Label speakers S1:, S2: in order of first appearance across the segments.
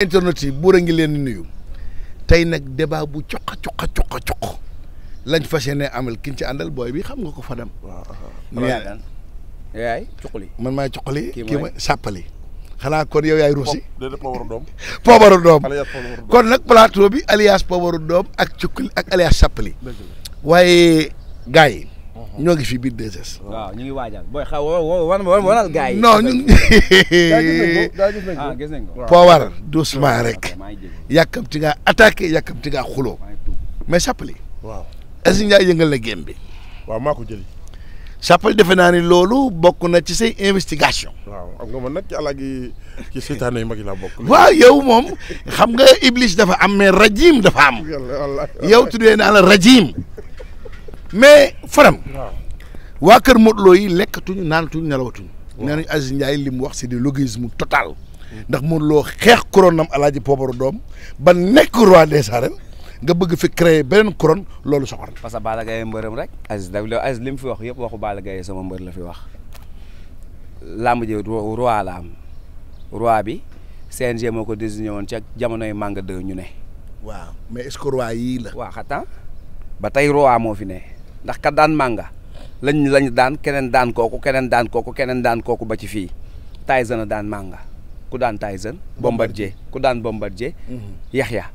S1: internet yi buur a ngi leen nuyu tey nag débat bu cuqa cuqa cuqa cuq lañ fas yéene amal kiñ ci àndal booy bi xam nga ko Fadam. waaw waaw
S2: yaay cuqali
S1: man maay cuqali kii ma sàppali xanaa kon yow yaay ruusi
S2: poobaru doom kon
S1: nag plateau bi alias poobaru doom ak cuqali ak alias sàppali waaye gars yi ñoo gi fi biir 2S. ñu
S3: ngi waajal booy xaw wan
S1: wanal mm. gars yi. non ñu.
S3: gis nañ ko ah, Power
S1: doucement rek. yàkkamti ngaa attaqué yàkkamti ngaa xuloo. mais Sappali. waaw Aziz Ndiaye yëngal na game bi. waaw maa ko jëli. defe naa ni loolu bokk na ci say investigation.
S2: waa am nga man nag ci àll gi ci seytaane yu mag yi laa yow
S1: moom xam nga Iblis dafa am mais rajim dafa am. yow tuddee naa la rajim. mais faram waa kër Modou Lo yi lekkatuñu naanatuñu nelawatuñu nee nañu Aziz Ndiaye li mu wax c'est du mu total ndax Modou loo xeex couronne am alaaji poobaru doom ba nekk roi des arènes nga bëgg fi créer beneen couronne loolu soxor
S3: parce que Balla Gaye mbërëm rek Aziz da Aziz fi wax yëpp waxu Balla Gaye sama mbër la fi wax làmb ji roi la am roi bi CNG moo ko désigné woon ca jamonoy Manga 2 ñu ne
S1: waaw mais est-ce que roi yii la waaw xataa
S3: ba tey roi moo fi ne ndax ka daan mànga lañ lañ daan keneen daan kooku keneen daan kooku keneen daan kooku ba ci fii Tyson daan mànga ku daan Tyson Bombardier ku daan Bombardier mm-hmm. Yaxya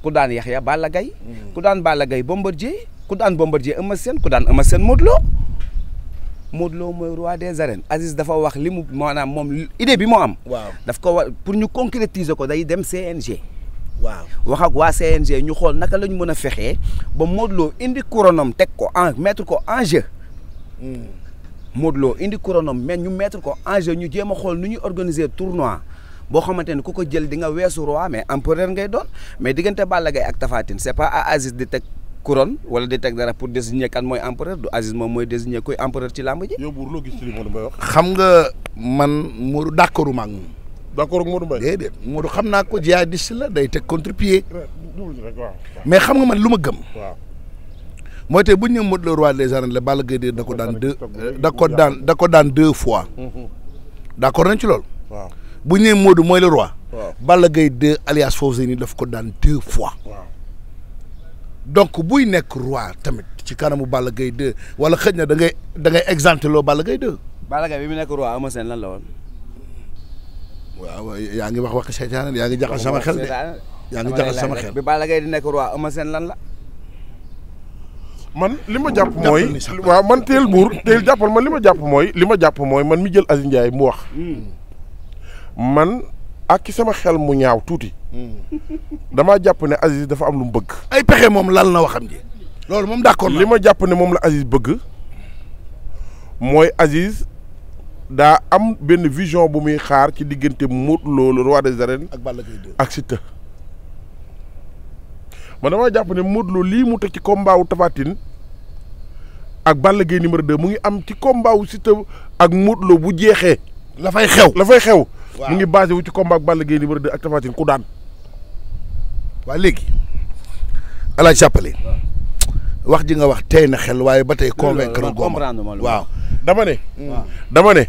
S3: ku daan Yaxya bala gay mm-hmm. ku daan Balla Gaye Bombardier ku daan Bombardier Eumeu Sène ku daan Eumeu Sène Modou Lo Modou Lo mooy roi des arènes Aziz dafa wax li mu maanaam moom idée bi moo am daf ko war pour ñu concrétiser ko day dem CNG waaw wax waa CNG ñu xool naka la ñu mën a fexe ba Modou Lo indi couronam teg ko en mettre ko en jeu. Hmm. indi couronam mais ñu mettre ko en ñu jéem a xool nu ñu organiser tournoi boo xamante ne ku ko jël di nga weesu roi mais empereur ngay doon mais diggante Balla Gaye ak Tapha Tine c' est pas à Aziz di teg couronne wala di teg dara pour désigner kan mooy empereur du Aziz moom mooy désigner kuy empereur ci làmb ji. yow buur loo
S1: xam nga man Modou d' accord d'accord ak Modou Mbaye déedéet xam naa ko jihadiste la day teg contre-pied mais xam nga man lu ma gëm mooy tey bu ñu nee Modou le roi des arènes la Balla Gaye de da ko daan euh, daan da ko daan deux fois mm-hmm. d'accord nañ ci loolu bu ñu nee Modou mooy le roi Balla Gaye de ko daan deux fois donc buy nekk roi tamit ci kanamu Balla gay 2 wala xëj na da ngay da ngay exempté loo bala gay 2.
S3: Balla bi mu nekk roi Eumeu Sène la
S1: waaw yaa ngi wax wax seytaane yaa ngi jaxal
S3: sama xel de yaa ngi jaxal sama xel bi Balla Gaye di nekk roi Eumeu Sène lan
S2: man li ma jàpp mooy waaw man teel buur teel jàppal li ma jàpp mooy li ma jàpp mooy man mi jël Aziz Ndiaye mu wax. Hmm. man ak sama xel mu ñaaw tuuti. Hmm. damaa jàpp ne Aziz dafa am lu mu bëgg. ay pexe moom lan la waxam ji. loolu moom d'accord li ma jàpp ne moom la Aziz bëgg mooy Aziz. daa am benn vision bu muy xaar ci diggante Modou Lo le roi des arènes ak Balla Gaye 2 ak man dama jàpp ne Modou lii mu teg ci combat wu ak Balla Gaye numéro 2 mu ngi am ci combat wu ak Modou bu jeexee. la fay xew la fay xew. mu ngi basé ci combat ak Balla Gaye numéro ak Tapha Tine ku daan. waa léegi El Hadj wax ji nga wax tey na xel waaye ba tey. convaincre ma waaw. dama ne. dama ne.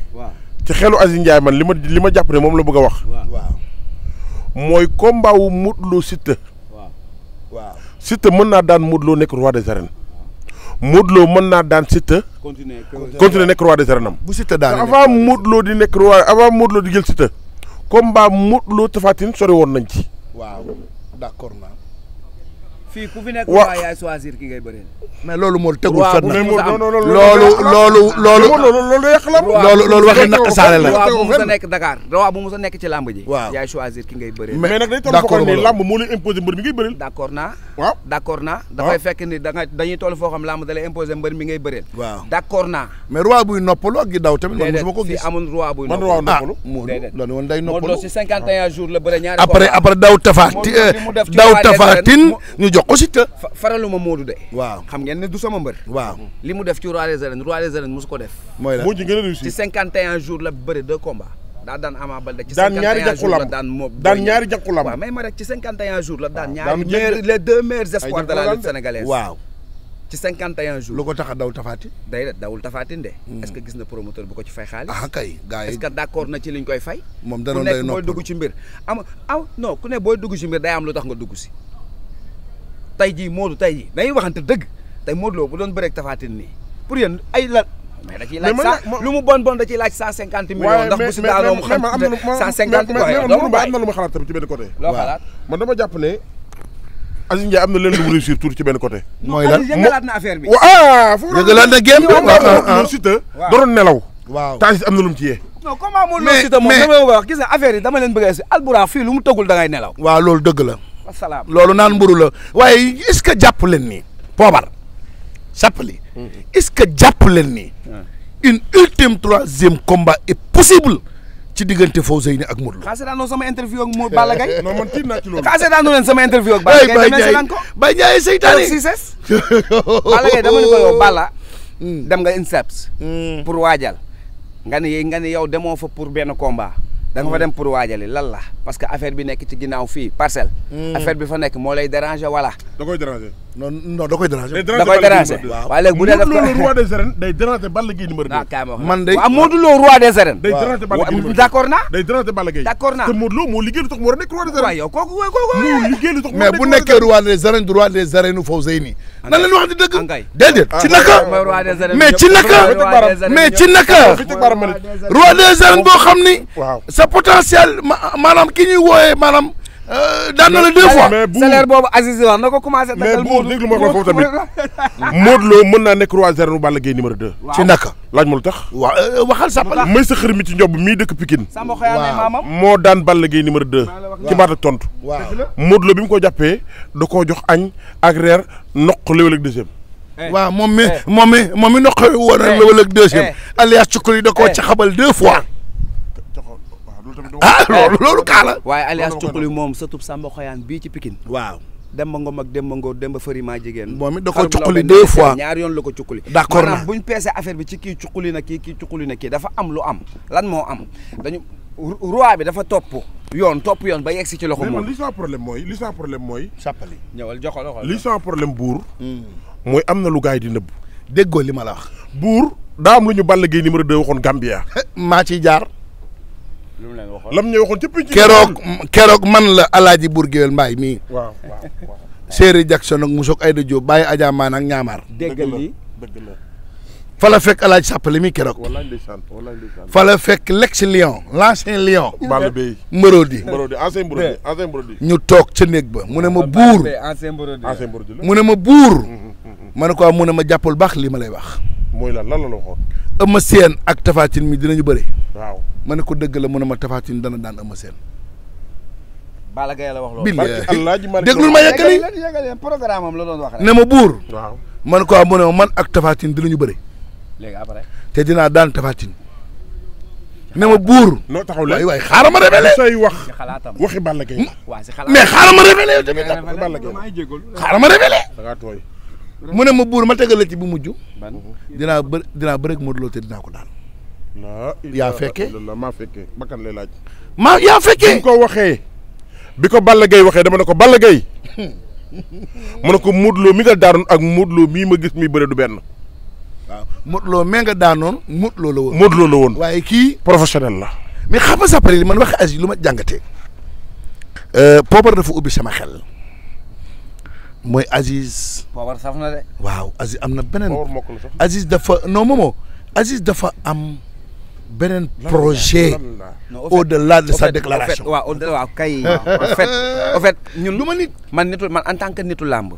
S2: ci xelu Aziz Ndiaye man li ma li ma jàpp ne moom la bëgg a wax. mooy combat wu Modou Lo Siteu. waaw Siteu mën naa daan Modou Lo nekk roi des arènes. Modou mën naa daan Siteu. continuer continuer nekk roi des arènes am. bu Siteu daanee avant Modou Lo di nekk roi avant Modou di jël Siteu. combat Modou Lo Tapha Tine sori woon nañ ci.
S3: waaw d'accord naa. fii ku fi nekk waaw yaay choisir ki ngay bëree.
S1: mais loolu moo tegul fenn. loolu loolu loolu. loolu yàq la loolu
S3: loolu waxi naq saale la. waaw bu mu sa nekk Dakar waaw bu mu sa nekk ci làmb ji. waaw yaay choisir ki ngay bëree. mais nag day toll foo xam ne làmb moo lay imposer mbër mi ngay bëreel. d' accord naa. waaw d' accord naa. dafay fekk ni da nga dañuy toll foo xam làmb da lay imposer mbër mi ngay bëreel. waaw d' accord naa.
S1: mais roi buy noppalu ak gi daw tamit. man mosuma ko gis déedéet fii amul roi buy noppalu. déedéet ah Modou day noppalu. Modou si
S3: 51 jours la bëre ñaari après après daw tafaati daw tafaatin ñu jox jox ko Siteu faraluma Modou de waaw xam ngeen ne du sama mbër waaw li def ci roi des arènes roi des arènes musuko def mooy la moo ci gën réussir ci 51 jours la bëri de combat da daan Ama balde ci 51 jours jàkku daan ñaari jàkku lamb waaw may ma rek ci 51 jours la daan ñaari meilleurs les deux meilleurs espoirs de la lutte sénégalaise waaw ci 51 jours lu ko tax daw tafati day dawul Tafatine de hmm. est-ce que gis na promoteur bu ko ci fay xali ah kay gaay est-ce que d'accord na ci liñ koy fay mom da non day nopp ku nekk booy dugg ci mbir am ah non ku ne boy dugg ci mbir day am lu tax nga dugg ci tey jii Modou tey jii dañuy waxante dëgg tey Modou Lo bu doon bëreeg Tapha Tine nii pour yéen ay la. mais da ciy laaj cent mu bon bon da ciy laaj cent cinquante millions. ndax bu si daanoo mu xam cent cinquante waaye am
S2: na lu ma xalaat ci benn côté. loo xalaat man dama jàpp ne. Aziz Ndiaye am na leen ci benn côté. mooy bi.
S3: waaw foofu la yëngalaat na génn.
S2: nelaw. waaw Tasis na
S1: lu mu ci yee.
S3: non comment Modou Lo Siteu moom
S1: dama ko yi dama fii lu mu tëggul da ngay nelaw. waaw loolu dëgg la
S3: salaam loolu
S1: naan mburu la waaye est-ce que jàpp leen nii poobar sàppali mm-hmm. est-ce que jàpp leen nii une ultime troisième combat est possible ci diggante Fawzeyni ak Modou Lo.
S3: xaase daanoo sama interview ak Modou Balla Gaye. non man tiit naa ci seytaane Balla Gaye dama ne ko Balla. Mm. dem nga INSEPS. Mm. pour waajal. nga ne nga ne yow demoo fa pour benn komba Donc vous hmm. dem pour que lan la parce que affaire bi nek ci ginaaw fi parcelle. Hmm. affaire bi fa déranger wala. da
S2: non non da koy déranger. da ah, de waaw Modou Lo roi des d' d' accord naa moo liggéey lu tax a
S1: moo liggéey lu tax mu war a nekk mais bu nan la ñu wax di dëgg. déedéet ah, ci naka.
S2: mais ci naka. mais ci naka. roi des arènes boo xam ni. sa potentiel maanaam ki ñuy wooyee
S1: Euh, daan na la deux fois
S2: salaire boobu Aziz wax na ko commencé. mais bu déglu ma ko foofu tamit Modou mën naa nekk roi des arènes Balla Gaye numéro 2. ci naka laaj ma lu tax. waaw euh, waxal sàppal may sa xër mi ci njob mi dëkk Pikine.
S3: waaw moo
S2: daan Balla Gaye numéro 2. ci baat ak tontu. waaw Modou Lo bi mu ko jàppee da koo jox añ ak reer noq léwal ak deuxième.
S1: Eh. waaw moom mi eh. moom mi moom mi noq woon ak léwal eh. ak deuxième.
S2: alias cukkul yi da koo caxabal deux fois.
S1: ah eh, loolu loolu kaa la. waaye alias Cuquli moom sëtub
S3: Samba Xoyaan bii ci Pikine. waaw Demba Ngom ak Demba Ngor Demba Fëri maa jigéen. moom it da ko Cuquli deux fois ñaar yoon la ko Cuquli. d'accord na maanaam bu ñu peesee affaire bi na kii kii Cuquli dafa am lu am lan moo am dañu roi bi dafa topp. yoon topp yoon ba yegg ci loxo moom. mais li
S2: sans problème mooy li sans mooy. sàppali ñëwal jox ko li sans problème buur. Hmm. mooy am na lu gars yi di nëbb. déggoo li ma la wax. buur daa am lu ñu Balla Gaye numéro 2 waxoon Gambia. maa ciy jaar. lam ñu waxoon ci keroog keroog man la alaaji
S1: buur géwél mbaay mi waaw waaw Séeri Jackson ak Moussa Ayda Diop bàyyi Adja maan ak ñaamaar.
S2: dëgg la dëgg la fa la fekk alaaji sàppale mi keroog. walaay ndeysaan walaay
S1: fekk l'ex lion l'ancien lion. Balla Beye Mborodi. Mborodi
S2: ancien Mborodi ancien
S1: ñu toog ca néeg ba mu ne ma buur
S2: ancien Mborodi mu ne ma buur. Mm, mm,
S1: mm, ma ne ko mu ne ma jàppal baax li ma lay wax.
S2: mooy lan lan la waxoon.
S1: Eumeu Sène ak Tapha Tine mi dinañu bëri. waaw. ma ne ko dëgg la mu ne ma Tapha Tine dana daan Eumeu Sène.
S2: Balla Gaye
S3: la wax loolu. billahi déglul ma yeggali programme am la doon wax ne ma
S1: buur. waaw man quoi mu ne man ak Tapha di dinañu bëri. léegi après. te dinaa daan Tapha
S2: ne ma buur. noo taxaw léegi waay waay xaaral ma révélé. say wax waxi xalaatam mais xaaral ma révélé yow tamit. xaaral ma révélé. da ngaa mu ne ma
S1: buur ma tegal la ci bu mujj. dinaa bë dinaa bëri ak Modou Lo te dinaa ko daan
S2: yaa fekkee maa fekkee bakkan lay laaj. maa yaa fekkee. bi ko waxee bi ko Balla gay waxee dama ne ko Balla gay mu ne ko Modou Lo mi nga daanoon ak Modou Lo mii ma gis muy bëre du benn.
S1: waaw Modou Lo mee nga daanoon Modou la woon. Modou la woon waaye kii. professionnel la. mais xam nga sax man wax as lu ma jàngate euh, Poobar dafa ubbi sama xel. mooy Aziz.
S3: Poobar saf na de.
S1: waaw Aziz am na beneen. Poobar Aziz dafa non moomoo Aziz dafa am. beneen projet
S3: au-delà de sa déclaration en fait en fait ñun man nitu man en tant que nitu làmb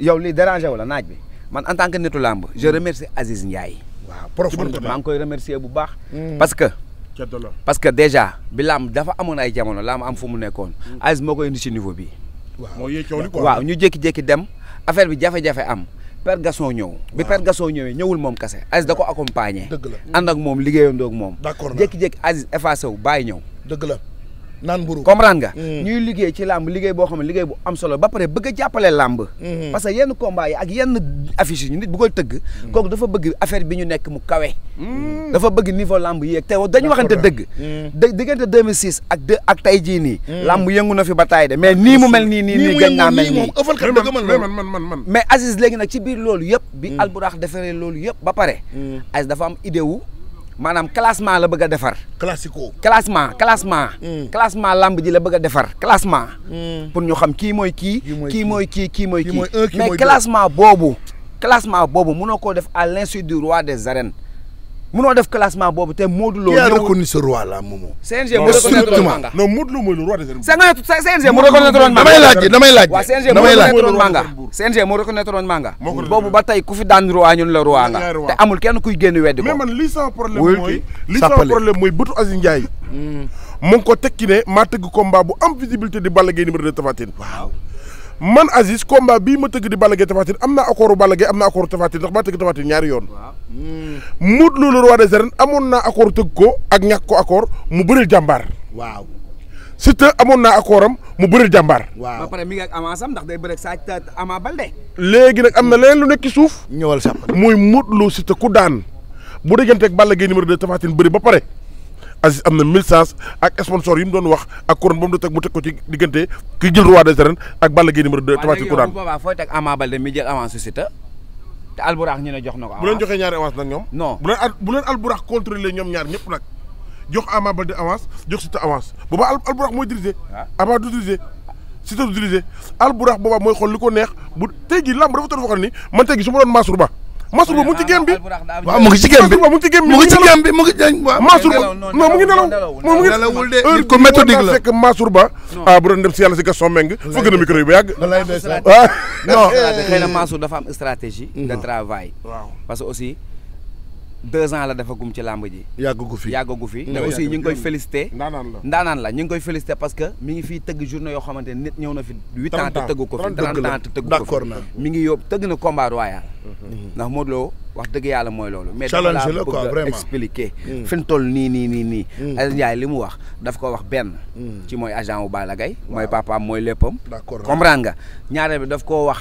S3: yow li dérangé wala naaj bi man en tant que nitu lamb je hmm. remercie Aziz Ndiaye waaw profondément maa koy remercier bu baax hmm. parce que parce que déjà bi lamb dafa amone ay jamono làmb am fu mu nekkoon hmm. Aziz moo indi ci niveau bi waaw mo yé ci quoi waaw ñu jékki-jékki dem affaire bi jafé jafé am Père Gasson ñew bi Père Gasson ñewé Aziz la ak mom, d'accord Aziz effacé naan mburu comprendre nga. Hmm. ñuy liggéey ci làmb liggéey boo xam ne liggéey bu am solo ba pare bëgg a jàppale làmb. Hmm. parce que yenn combat yi ak yenn affiche yi nit bu koy tëgg. Hmm. kooku dafa bëgg affaire bi ñu nekk mu kawe. dafa bëgg niveau làmb yéeg te dañu waxante dëgg. dëggante diggante 2006 ak de ak tey jii nii. làmb yëngu na fi ba taay de mais nii mu mel nii nii nii gën naa mel nii. man man man man mais Aziz léegi nag ci biir loolu yëpp. bi Alburax defaree loolu yëpp ba pare. Aziz am idée maanaam classement la bëgg a defar. classico classement classement. Mm. classement lamb ji la bëgg a defar classement. Mm. pour ñu xam kii mooy kii. kii mooy kii kii mooy kii mais classement boobu. classement boobu mënoo koo def à l'insu du roi des arènes. mënoo def classement boobu
S1: te Modou Lo. ñëwul reconnu ce roi là Momo. CNG mu reconnaître woon Manga non Modou Lo mooy le roi des arènes.
S2: CNG mu reconnaître woon Manga damay laaj damay laaj. waaw CNG mu reconnaître woon Manga.
S3: CNG mu reconnaître woon Manga.
S2: boobu ba tey ku fi daan roi ñun la roi nga. te amul kenn kuy génn weddi ko. mais man li sama problème mooy li sama problème mooy bëtu Aziz Ndiaye. Hmm. mu ngi ko tekki ne maa tëgg combat bu am visibilité di Balla Gaye numéro 2 Tapha Tine. waaw. man Aziz combat bii ma tëgg di Balla Gaye Tapha am naa accordu Balla Gaye am naa accordu Tapha Tine ndax maa tëgg Tapha ñaari yoon. Modou Lô le roi des arènes amoon naa accord tëgg ko ak ñakk ko accord mu bëril jàmbaar. waaw Siteu amoon naa accord am mu bëril jàmbaar.
S3: waaw ba pare mi ngi ak avance ndax day bëre saa Ama Baldé.
S2: léegi nag am na leneen lu nekk ci suuf. ñëwal sàpp muy Modou Lô Siteu ku daan bu dégganteeg Balla Gaye numéro 2 Tapha Tine bëri ba pare. Aziz am na mille cent ak sponsor yi doon wax ak couronne ba mu teg mu teg ko ci diggante ki jël roi des arènes ak Balla Gaye numéro 2 Tapha Tine te te jox na ko ñaar ñëpp nag jox Ama Baldé avance jox si te avance booba al alburax mooy dirigé ah. Ama du dirigé si te du dirigé ko neex bu tey jii lamb dafa toon foo xam ni man tey jii doon Mansour Ba Mansour Ba mu ngi ci gem bi waaw mu ngi ci gem bi mu ngi ci gem bi Ba non mu ngi nelaw moom ko méthodique la fekk Mansour Ba ah bu doon si yàlla si Gaston Mbengue fëgg na micro yi ba yàgg
S3: deux ans la dafa gum ci làmb ji. yàggagu fi yàggagu fi. te aussi ñu ngi koy félicité. ndaanaan la ndaanaan la ñu ngi koy félicité parce que. mi ngi fiy tëgg journée yoo xamante ne nit ñëw na fi. huit ans te tëggu ko fi trente ans te tëggu ko fi mi ngi yób tëgg na combat royal. Mhm. ndax Modou Lo wax dëgg yàlla mooy loolu. mais dafa laa bëgg expliquer. Mhm. fi mu toll nii nii nii nii. Mhm. Aziz Ndiaye li mu wax daf ko wax benn. ci mooy agent wu Balla Gaye. mooy papaam mooy léppam. comprendre nga ñaareel bi daf koo wax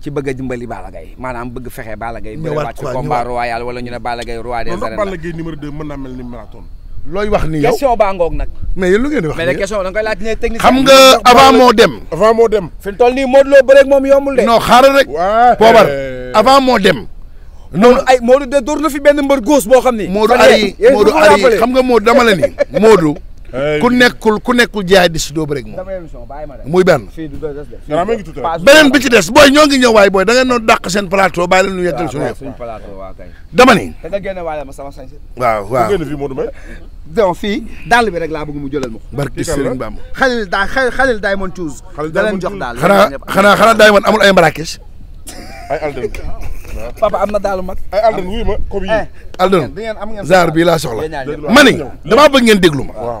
S3: ci bëgg a dimbali Balla Gaye maanaam bëgg fexe Balla Gaye ñëwaat ci combat royal wala ñu ne Balla Gaye roi des arènes Balla
S2: Gaye numéro 2 mën naa mel ni marathon looy wax ni yow question baa ngoog nag mais yéen lu ngeen di wax mais question da nga koy laaj ne technique xam nga
S3: avant moo dem
S1: avant moo dem fi mu toll nii Modou Lo bëreeg moom yombul de non xaaral rek poobar eh. avant moo dem noonu ay Modou de dóor na fi benn mbër góos boo xam ni Modou Ari Modou Ari xam nga Modou dama la ni Modou ku nekkul ku nekkul jihadiste doo bëre ak moom muy des booy ñoo ngi ñëw waay booy da ngeen noon dàq seen plateau bàyyi leen ñu yeggal suñu yëf dama ni waaw waaw donc fii dàll bi rek laa bëgg mu jëlal ma ko barki kan Sëriñ Bamba
S3: xalil Diamond Tools da leen jox
S1: Diamond amul ay marakis
S3: ay
S1: papa am na daalu mag ay alden wuyu ma comme yi eh, alden
S3: zaar bii laa soxla ma ni
S1: bëgg ngeen déglu ma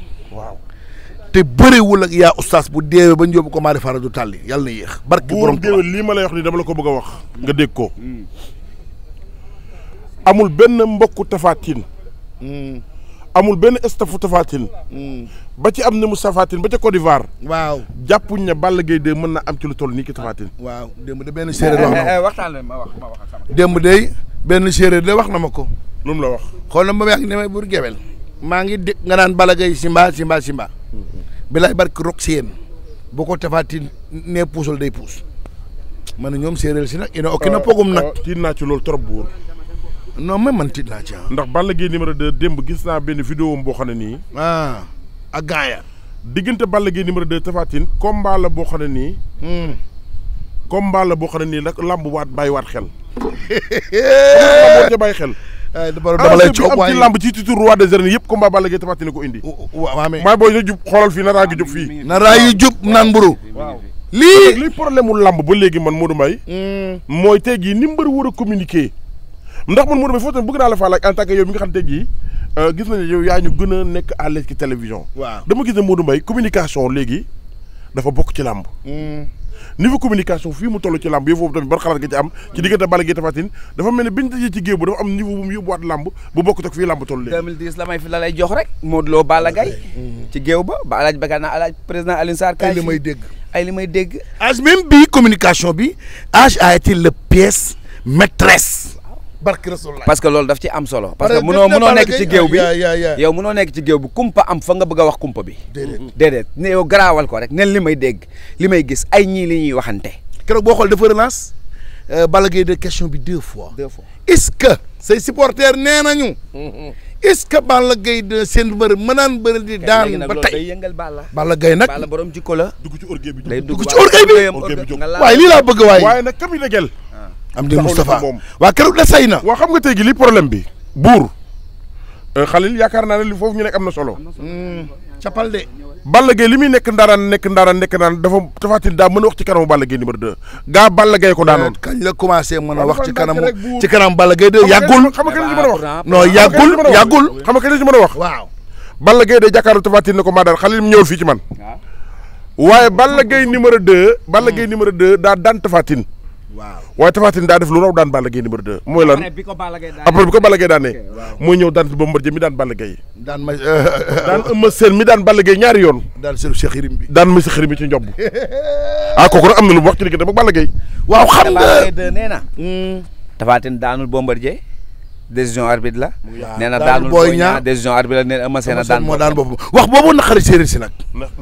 S1: te wul ak ya oustaz bu deewee ba ñoom ko maari fara du tàlli yàlla na yeex barki
S2: borom deewee li ma lay wax ni dama la ko bëgg wax hmm. nga deg ko hmm. amul ben mbokk tafatin. Hmm. amul ben estafu tafatin ba ci am ne mu tafaatin ba ci Côte d'Ivoire waaw jàppuñ ne Balla gay de mën na am ci lu toll nii ki tafaatin
S1: waaw démb de benn séeréer wax na eh, eh, waxtaan leen ma wax ma wax
S2: démb de ben séré de wax na
S1: mako lum la wax xol na ma wax ni may bur gewel ma ngi nga nan balagay Simba Simba Simba bilaay bark rok si bu ko tafati ne puusal day pous man ñom sérel séeréer si nag ina okki na ah, pogum nak
S2: ah, tiit na ci lol trop buur non mais man tiit na ci ah. ndax Balla gi numéro 2 demb gis na ben vidéo am boo xam ne ah ak gaaya diggante Balla gi numéro 2 tafaatin combat la bo xane ni hmm combat la bo xane ni nak lamb wat bay wat xel
S1: mo ci bay xel Eh, ah, dama lay coob waaye am ci lamb
S2: ci titre roi des arènes yëpp combat Balla Gaye Tapha ko indi. waaw booy na jub xoolal fii naraa gi jub jub naan mburu lii lii problème mu lamb ba léegi man Modou Mbaye hmm. mooy tey jii ni mbër war a communiquer ndax man Modou Mbaye foofu tamit bëgg naa la faal ak en tant que yow mi nga xam tey jii euh, gis nañu yow yaa ñu gën nekk à l'aise ci télévision. dama gis ne Modou Mbaye communication léegi dafa bokk ci làmb hmm. niveau communication fi mu toll ci vous yi tamit nga ci am ci diggante Balla Gaye Tapha dafa melni biñu il ci eu dafa am niveau bu mu yobuat lamb bu bokku tak fi lamb
S3: 2010 lamay fi la lay jox rek ci ba ba président ay
S1: communication bi a été le pièce maîtresse
S3: barke Rasulullah parce que loolu daf ci am solo. parce que mënoo nekk ci géew bi yow mënoo nekk ci géew bi kumpa am fa nga bëgg a wax kumpa bi. déedéet mm-hmm. déedéet yow garaawal ko rek neen li may dégg li may gis ay ñii li ñuy waxante.
S1: keroog boo xool dafa relance euh, Balla Gaye de question bi deux fois. deux fois est-ce que say supporters nee nañu. Mm-hmm. est-ce que Balla Gaye de seen mbër mënaan bëri di daan ba tey
S3: Balla Gaye nag Balla borom
S1: jikko la. dugg ci orgueil bi dugg ci orgueil bi waaye lii laa bëgg waaye. waaye
S2: nag am di Moustapha waaw keroog de say na. waaw xam nga tey gi lii problème bi. buur euh, xalil yaakaar naa ne li foofu ñu nekk am na solo. Hmm, capal de. Balla Gaye li muy nekk ndaaraan nekk ndaaraan nekk naan dafa tafaatil daa mën a wax ci kanamu Balla Gaye numéro 2. gaa ko daanoon kañ la commencé mën a wax ci kanamu ci kanamu Balla Gaye de yàggul. xam nga
S1: kañ la ci mën a wax non yàggul
S2: yàggul xam nga kañ la ci a wax. waaw Balla Gaye de jàkkaaru tafaatil ne ko maa daan xalil mu ñëwul fii ci man. Ah. waaye Balla Gaye numéro 2. Balla Gaye numéro 2 daa daan tafaatin waaw waaye Tapha Tine daa def lu raw daan Balla Gaye numéro 2. mooy lan après bi ko Balla Gaye daanee après bi ko Balla Gaye daanee. mooy ñëw mi daan Balla Gaye.
S1: daan ma daan
S2: Eumeu Sène mi daan Balla Gaye ñaari yoon. daan Serigne Cheikh Yirim bi daan Moussa Xirim ci njob. Ah, kooku am na lu mu wax ci diggante ba Balla Gaye. waaw xam nga Balla nee na.
S3: Hmm. Tapha Tine daanul Bombardier décision arbitre la. nee na daanul booy ñaa décision arbitre la nee na Eumeu Sène daan moo wax booboo naqari séeréer si nag.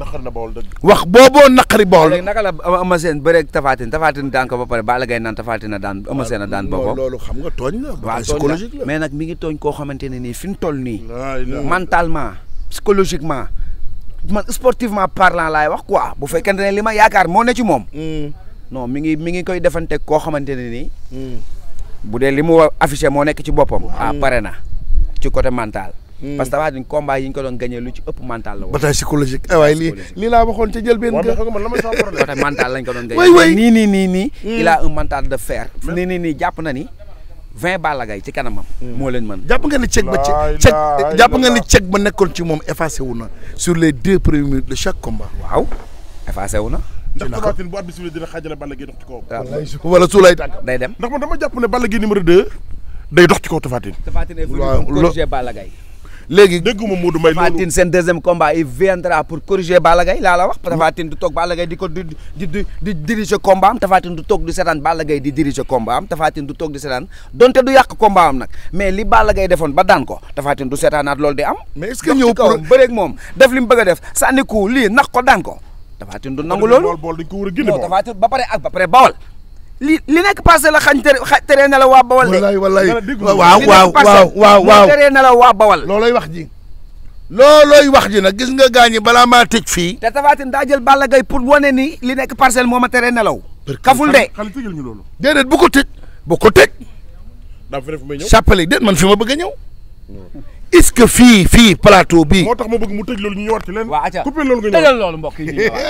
S2: naqari na bool dëgg. wax booboo
S3: naqari bool. léegi naka la Eumeu Sène bëreeg Tapha Tine Tapha Tine daan ko ba pare Balla Gaye naan Tapha Tine daan Eumeu a daan boppam. loolu xam nga tooñ la. waaw nag mi ngi tooñ koo xamante nii fi nii. mentalement psychologiquement man parlant laay wax quoi bu fekkent ne li ma yaakaar moo ne ci moom. Hmm. non mi ngi mi ngi koy defante koo xamante ne nii hmm. bu dee li mu affiché moo nekk ci boppam. ah pare na ci côté mental. Hmm. parce que Tapha Tine combat yi ñu ko doon gagné lu ci ëpp mental la
S1: eh
S3: laa waxoon ca jël benn. waaw xam nga ko doon gagné. waay nii
S1: nii nii nii.
S3: il a hmm. un mental de fer. nii nii nii jàpp na ni. vingt Balla ci kanamam. Hmm.
S1: moo leen mën jàpp nga ni ceeb ba ceeb jàpp nga ni ceeb ba nekkoon ci moom effacé wu na sur les
S2: deux premiers minutes de chaque combat. waaw effacé wu na. ndax Tapha Tine bu at bi dina xaajale Balla Gaye dox ci kaw wala su lay tànk day dem ndax man dama jàpp ne Balla Gaye numéro 2 day dox ci kaw Tapha Tine
S3: Tapha Tine est venu pour corriger Balla Gaye
S2: léegi dégguma Modou Mbaye Tapha Tine seen laa
S3: la wax Tapha du toog Balla Gaye di ko di di di diriger combat am Tapha du toog di seetaan Balla Gaye di diriger comba am Tapha Tine du toog di seetaan donte du yàq combat am nag mais li Balla Gaye defoon ba daan ko Tapha Tine du seetaanaat loolu di am mais est-ce que ñëw pour bëreeg moom def li mu bëgg def sànni ko lii Tafatin du nangu loolu bool dañ ko war a génne bool Tafatin ba pare ak ba pare bawal
S1: li li nekk passé la xañ tere tere na la waa bawal de wallaay wallaay waaw waaw waaw waaw tere na la waa bawal loolooy wax ji loolooy wax ji nag gis nga gaañi
S3: balaa maa tëj fii te Tafatin daa jël Balla Gaye pour wane ni li nekk parcelle moo ma tere nelaw kaful
S2: de xale tëjal ñu loolu
S1: déedéet bu ko tëj bu ko tëj
S2: daa fi def may ñëw sàppale déet
S1: man fi ma bëgg a ñëw est-ce que fii fii plateau bii moo tax ma bëgg mu tëj loolu ñu ñëwaat ci leen waaw acca coupé loolu nga ñëw tëjal loolu mbokk yi